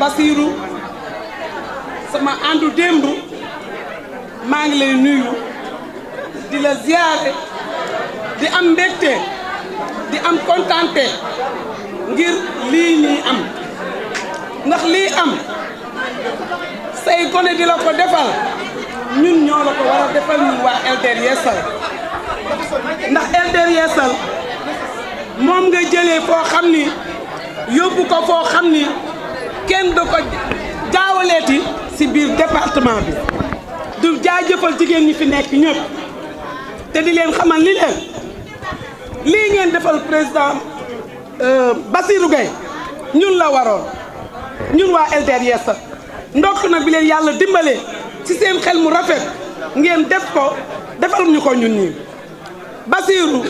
Basiiru sama àndu démb maa ngi lay nuyu di la ziyaare di am mbégte di am kontante ngir lii ñuy am ndax lii am say gone di la ko defal ñun ñoo la ko war a defal ñun waa LDR Yeesal ndax LDR Yeesal moom nga jëlee foo xam ni yóbbu ko foo xam ni kenn du ko jaawaleeti si biir département bi du jaajëfal jigéen ñi fi nekk ñëpp te di leen xamal ni leen lii ngeen defal président euh, Bassirou Gueye ñun la waroon ñun waa LDR Yeesal ndokk nag bi leen yàlla dimbalee ci seen xel mu rafet ngeen def ko defal ñu ko ñun ñii Bassirou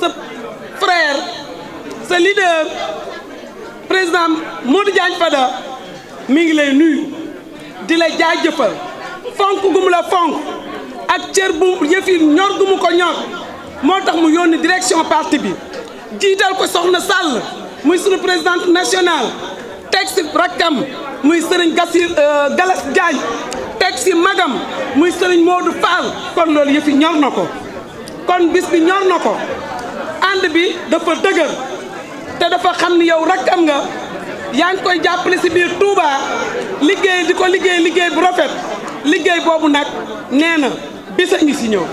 sa frère sa leader président Modou Diagne Fada mi ngi lay nuyu di la jaajëfal fonk gu mu la fonk ak cër bu yëf ñor gu ko ñor moo tax mu yónni direction parti bi jiital ko Soxna sàll muy sunu présidente nationale teg si rakkam muy sëriñ Gassir euh, Galas Diagne teg si magam muy sëriñ Modou Fall kon loolu yëf yi ñor na ko kon bis bi ñor na ko ànd bi dafa dëgër. te dafa xam ni yow rakk am nga yaa ngi koy jàppale si biir Touba liggéey di ko liggéey liggéey bu rafet liggéey boobu nag nee na bis a ngi si ñëw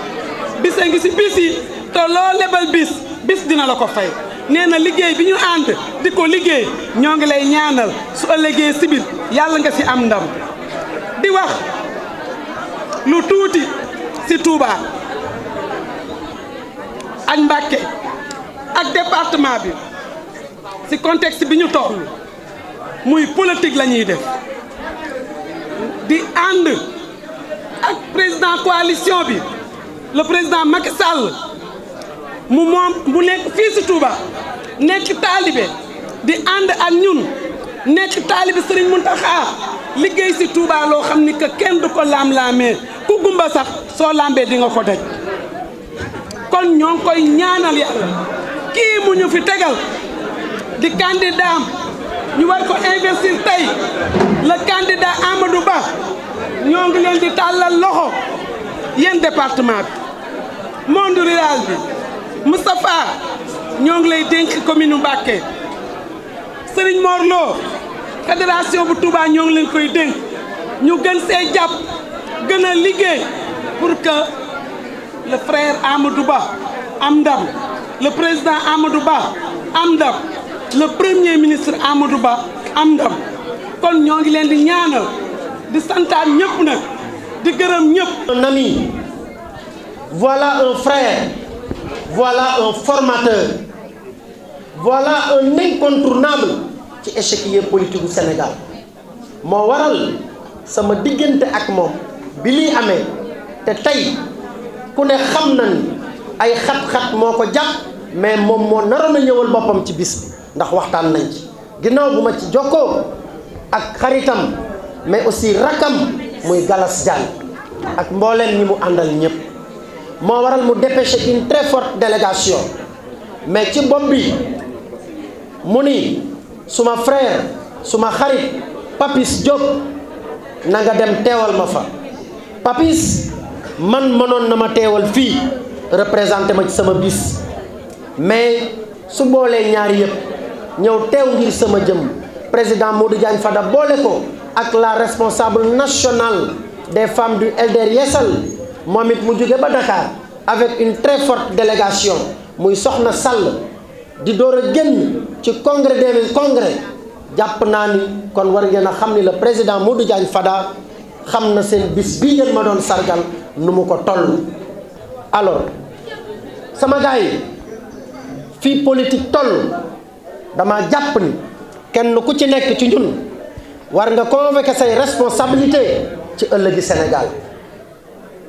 bis a ngi si bis yi te lebal bis bis dina la ko fay nee na liggéey bi ñu ant di ko liggéey ñoo ngi lay ñaanal su ëllëgee si biir yàlla nga si am ndam di wax lu tuuti si Touba ak Mbàkke ak département bi ci contexte bi ñu toxlu muy politique la ñuy def di ànd ak président coalition bi le président Macky Sall mu moom mu nekk fii si Touba nekk taalibe di ànd ak ñun nekk taalibe Serigne Mountakha liggéey si Touba xam ni que kenn du ko laam-laamee ku gumba sax soo lambee di nga ko daj kon ñoo ngi koy ñaanal yàlla kii mu ñu fi tegal di candidat am ñu war ko investir tey le candidat Amadou Ba ñoo ngi leen di tàllal loxo yéen département bi monde bi Moustapha ñoo ngi lay dénk commune Mbacké Serigne Mor Lo fédération bu Touba ñoo ngi leen koy dénk ñu gën see jàpp gën a liggéey pour que le frère Amadou Ba am ndam le président Amadou Ba am ndam le premier ministre Amadou Ba am ndam kon ñoo ngi leen di ñaanal di santaan ñëpp nag di gërëm ñëpp. un ami voilà un frère voilà un formateur voilà un incontournable ci échiquier politique bu Sénégal moo waral sama diggante ak moom bi lii amee te tey ku ne xam na ay xat-xat moo ko jax mais moom moo naroon a ñëwal boppam ci bis ndax waxtaan nañ ci ginnaaw bu ma ci jokkoo ak xaritam mais aussi rakam muy Galas Diagne ak mbooleem ni mu àndal ñëpp moo waral mu dépêché une très forte délégation mais ci bopp bi mu ni suma frère suma xarit Papis Diop na nga dem teewal ma fa Papis man mënoon na ma teewal fii représenté ma ci sama bis mais su boolee ñaar yëpp ñëw teew ngir sama jëm président Modou Diagne Fada boole ko ak la responsable nationale des femmes du LDR Yessal moom it mu jóge ba Dakar avec une très forte délégation muy Soxna Sall di door a génn ci congrès des congrès jàpp naa ni kon war ngeen a xam ni la président Modou Diagne Fada xam na seen bis bii ngeen ma doon sargal nu mu ko toll alors sama gars yi fii toll dama jàpp ni kenn ku ci nekk ci ñun war nga convoquer say responsabilité ci ëllëgi Sénégal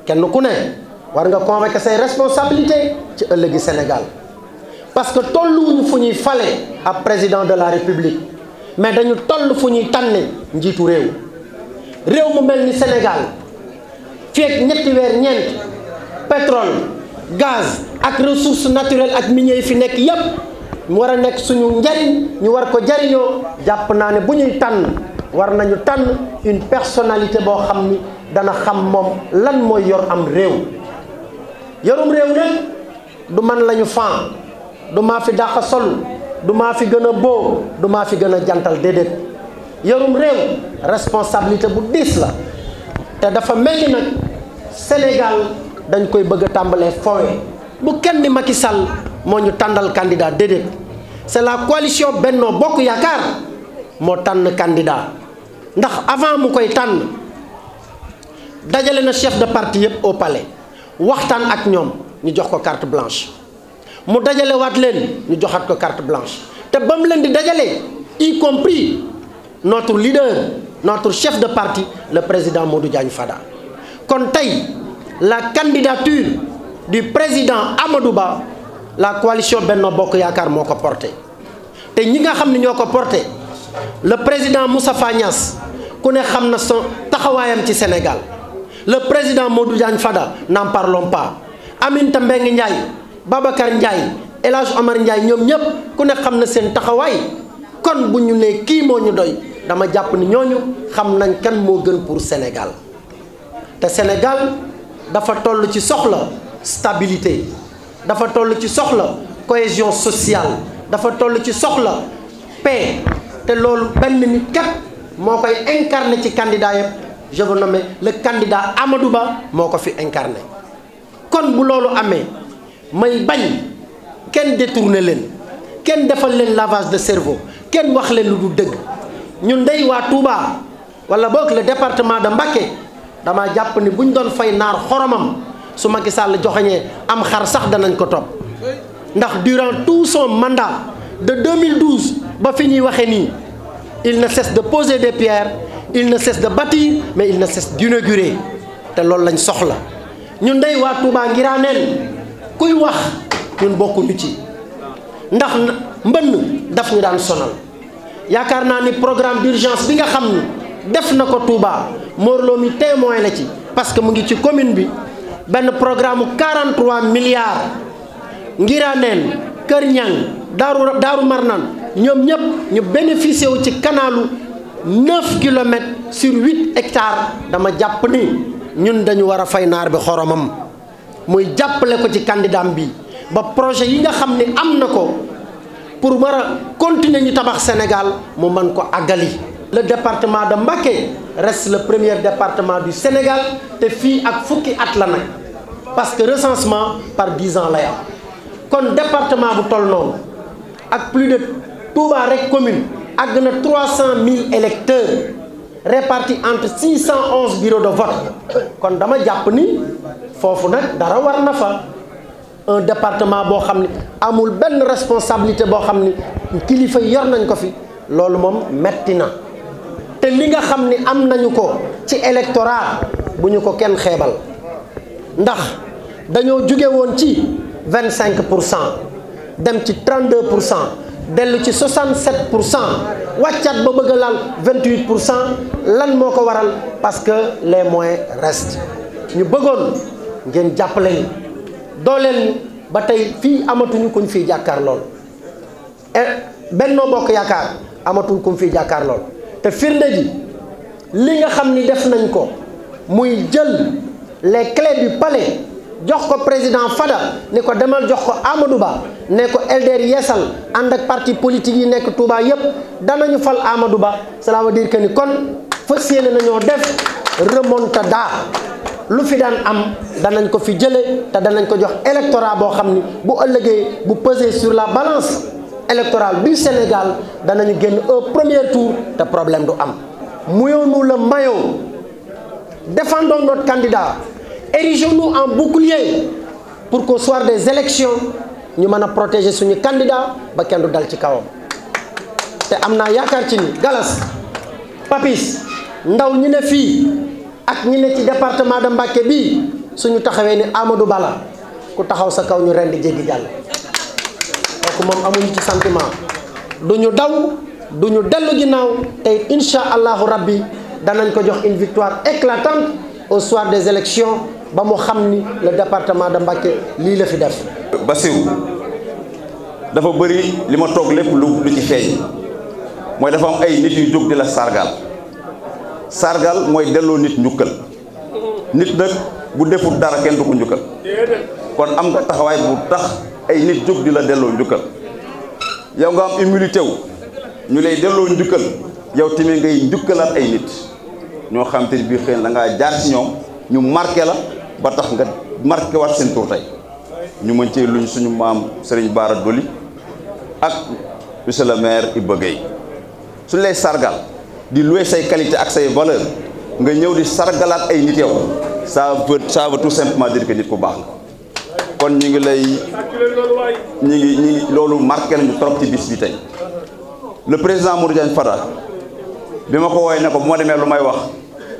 kenn ku ne war nga convoquer say responsabilité ci ëllëgi Sénégal parce que tolluwuñu fu ñuy fale ab président de la République mais dañu toll fu ñuy tànne njiitu réew réew mu mel ni Sénégal fii ak ñetti weer ñeent pétrole gaz ak ressources naturelles ak minières yi fi nekk yépp mu war a nekk suñu njariñ ñu war ko jariñoo jàpp naa ne bu ñuy tànn war nañu tànn une personnalité boo xam ni dana xam moom lan mooy yor am réew yorum réew nag du man lañu fan du maa fi dàq solu du maa fi gën a boo du maa fi gën a jantal déedéet yorum réew responsabilité bu diis la te dafa mel ni nag Sénégal dañ koy bëgg a tàmbalee foowe bu kenn ni Macky Sall moo ñu tàndal candidat déedéet c'est la coalition bennoo Bokk Yaakaar moo tànn candidat ndax avant mu koy tànn dajale na chef de partie yépp au palais waxtaan ak ñoom ñu jox ko carte blanche mu dajale waat leen ñu joxaat ko carte blanche te ba mu leen di dajale y compris notre leader notre chef de partie le président Modou Diagne Fada kon tey la candidature du président Amadou Ba la coalition Benno Bokk Yaakaar moo ko porté te ñi nga xam ne ñoo ko porté le président Moustapha Niasse ku ne xam na son taxawaayam ci Sénégal le président Modou Diagne Fada n'en parlons pas Aminata Mbengue Ndiaye Babacar Ndiaye El Hadj Ndiaye ñoom ñëpp ku ne xam na seen taxawaay kon bu ñu nee kii moo ñu doy dama jàpp ni ñooñu xam nañ kan moo gën pour Sénégal te Sénégal dafa toll ci soxla stabilité. dafa toll ci soxla cohésion sociale dafa toll ci soxla paix te loolu benn nit kat moo koy incarné ci candidat yëpp je vous nomme le candidat Amadou Ba moo ko fi incarné kon bu loolu amee may bañ kenn détourné leen kenn defal leen lavage de cerveau kenn wax leen lu du dëgg ñun day waa Touba wala boog le département de Mbacké dama jàpp ni bu ñu doon fay naar xoromam su Macky Sall joxoñee am xar sax danañ ko topp ndax durant tout son mandat de 2012 ba fi ñuy waxee nii il ne cesse de poser des pierres il ne cesse de bâtir mais il ne cesse d'inaugurer te loolu lañ soxla ñun day waa ngiraa Ngiraneen kuy wax ñun bokkuñu ci ndax mbënn daf ñu daan sonal yaakaar naa ni programme d'urgence bi nga xam ni def na ko Touba Mor Lo mi témoin la ci parce que mu ngi ci commune bi benn programme 43 milliards Ngiraneen Kër Ñang Daaru Daaru Marnaan ñoom ñëpp ñu bénéficié wu ci kanaalu 9 kilomètres sur 8 hectares dama jàpp ni ñun dañu war a fay naar bi xoromam muy jàppale ko ci candidat bi ba projet yi nga xam ni am na ko pour war a continuer ñu tabax Sénégal mu mën ko àggali. le département de Mbacké reste le premier département du Sénégal te fii ak fukki at la nag parce que recensement par dix ans la am kon département bu toll noonu ak plus de Touba rek commune àgg na trois cent mille électeurs répartie entre six cent onze bureaux de vote kon dama jàpp ni foofu nag dara war na fa un département boo xam ni amul benn responsabilité boo xam ni kilifa yor nañ ko fi loolu moom metti na te li nga xam ni am nañu ko ci électorat bu ñu ko kenn xeebal ndax dañoo jóge woon ci vingt cinq pour cent dem ci trente pour cent dellu ci soixante sept pour cent wàccaat ba bëgg a laal vingt huit pour cent lan moo ko waral parce que les moyens restent ñu bëggoon ngeen jàppale ñu dooleel ba tey fii amatuñu kuñ fii jàkkaar lool et eh, Benno Bokk Yaakaar amatul kuñ fii jàkkaar lool te firnde ji li nga xam ni def nañ ko muy jël les clés du pale jox ko président Fada ne ko demal jox ko Amadou Ba ne ko LDR yeesal ànd ak parti politique yi nekk Touba yépp danañu fal Amadou Ba cela veut dire que ni kon fas yéene nañoo def remontada lu fi daan am danañ ko fi jële te danañ ko jox électorat boo xam ni bu ëllëgee bu peser sur la balance électorale du Sénégal danañu génn au premier tour te problème du am mouillons-nous le maillot défendons notre candidat érigeons-nous en bouclier pour qu'au soir des élections ñu mën a protéger suñu candidat ba kenn du dal ci kawam te am naa yaakaar ci ni Galas Papis ndaw ñi ne fii ak ñi ne ci département de Mbacké bii suñu taxawee ni Amadou Bala ku taxaw sa kaw ñu rend jéggi jàll moom amuñu ci santiment du ñu daw du ñu dellu ginnaaw tey incha allahu rabbi danañ ko jox une victoire éclatante au soir des élections ba mu xam ni la département de Mbacké lii la fi def. Bassirou dafa bëri li ma toog lépp lu lu ci feeñ mooy dafa am ay nit yu jóg di la sargal sargal mooy delloo nit njukkal nit nag bu deful dara kenn du ko njukkal kon am nga taxawaay bu tax. ay nit jóg di la delloo njukkal yow nga am humilité ñu lay delloo njukkal yow tamit ngay njukkalaat ay nit ñoo xam te bii xëy na da ngaa jaar ci ñoom ñu marqué la ba tax nga marqué waat seen tur tey ñu mën cee luñ suñu maam Serigne baara Doli ak monsieur le maire Iba Gueye suñ lay sargal di louer say qualité ak say valeur nga ñëw di sargalaat ay nit yow ça veut ça veut tout simplement dire que nit ku baax nga kon ñu ngi lay ñu ngi loolu marqué nañu trop ci bis bi tey le président Modou Diagne Fada bi ma ko woowee ne ko bu ma demee lu may wax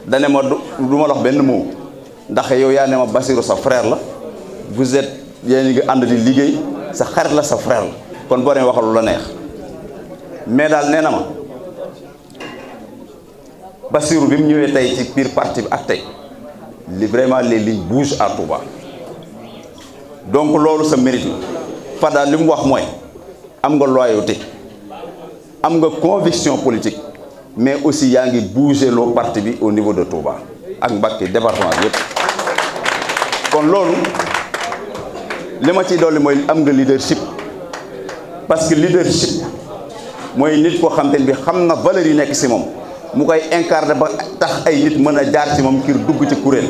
dane ma du ma wax benn mot ndax yow yaa ne ma Basirou sa frère la vous êtes yéen ngi ànd di liggéey sa xarit la sa kon boo demee waxal lu la neex mais daal nee na ma Basirou bi mu ñëwee tey ci biir parti bi ak tey li vraiment les lignes bougent à donc loolu sa mérite la Fada li mu wax mooy am nga loyauté am nga conviction politique mais aussi yaa ngi bouger loo parti bi au niveau de Touba ak Mbacké département bi yëpp kon loolu li ma ci dolli mooy am nga leadership parce que leadership mooy nit koo xam bi xam na valeur nekk si moom mu koy incarner ba tax ay nit mën a jaar ci moom ngir dugg ci kuréel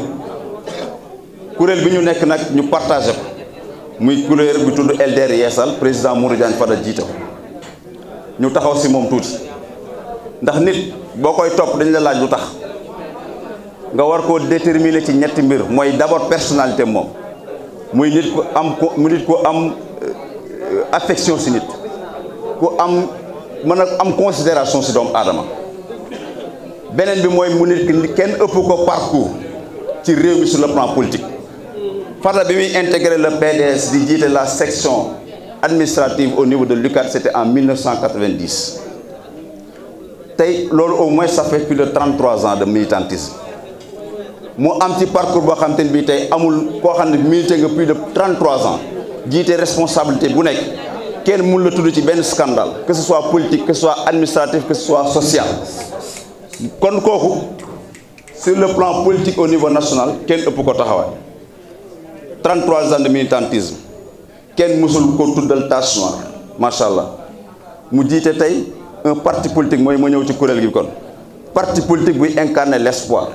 kuréel bi ñu nekk nag ñu partagé muy kuréel bi tudd LDR Yeesal président Modou Diagne Fada jiite ko ñu taxaw si moom tuuti ndax nit boo koy topp dañ la laaj lu tax nga war koo déterminer ci ñetti mbir mooy d'abord personalité moom muy nit ku am ko mu nit ku am euh, affection si nit ku am mën a am considération si doomu aadama beneen bi mooy mu nit kenn ëpp ko parcours ci réew mi sur le plan politique Fada bi muy intégré le PDS di jiite la section administrative au niveau de l'UCAD c'était en 1990 tey loolu au moins ça fait plus de 33 ans de militantisme mu am ci parcours boo xam te ne bii tey amul koo xam ne milité nga plus de 33 ans jiite responsabilité bu nekk kenn mun la tudd ci benn scandale que ce soit politique que ce soit administratif que ce soit social kon kooku sur le plan politique au niveau national kenn ëpp ko taxawaay. 33 ans de militantisme kenn mësul ko tuddal tache noire macha allah mu jiite tey un parti politique mooy ma ñëw ci kuréel gi kon parti politique buy incarner l'espoir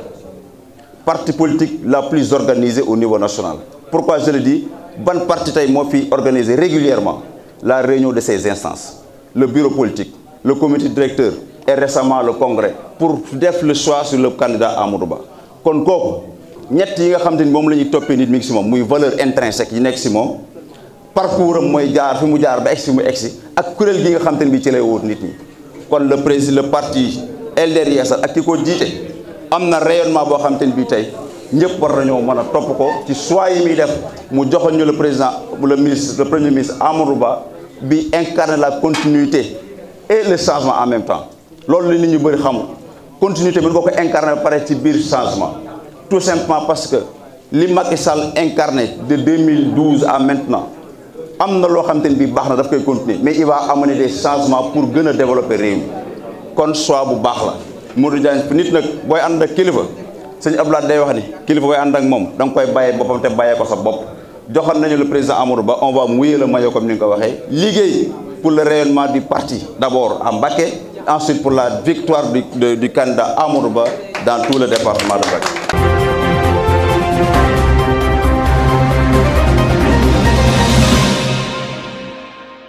parti politique la plus organisée au niveau national pourquoi je le dis ban parti tey moo fi organiser régulièrement la réunion de ses instances le bureau politique le comité directeur et récemment le congrès pour def le choix sur le candidat Amadou Ba kon kooku ñett yi nga xam te ni moom la ñuy toppee nit mi ngi si moom muy valeur intrinsèque yi nekk si moom parcours am mooy jaar fi mu jaar ba egsi fi mu egsi ak kuréel gi nga xam te ni bi ci lay wóor nit ñi kon le président le parti LDR Yeesal ak ki ko am na rayonnement boo xam te ni tey ñëpp war nañoo mën a topp ko ci yi muy def mu joxoon ñu le président le ministre le premier ministre Amadou Ba bi incarne la continuité et le changement en même temps loolu la nit ñu bëri xamul continuité bi ko ko incarné ba pare ci biir changement tout simplement parce que li Macky Sall incarné de 2012 à maintenant am na loo xamante ni bii baax na daf koy continuer mais il va amener des changement pour gën a développer réew mi kon soit bu baax la Modou Diagne nit nag booy ànd ak kilifa sëñ Abdoulaye day wax ni kilifa booy ànd ak moom da nga koy bàyyee boppam te bàyyee ko sa bopp joxoon nañu le président Amadou Ba on va mouiller le maillot comme ni nga ko waxee liggéey pour le rayonnement du parti d'abord à Mbacké ensuite pour la victoire du du candidat Amadou Ba dans tout le département de Mbacké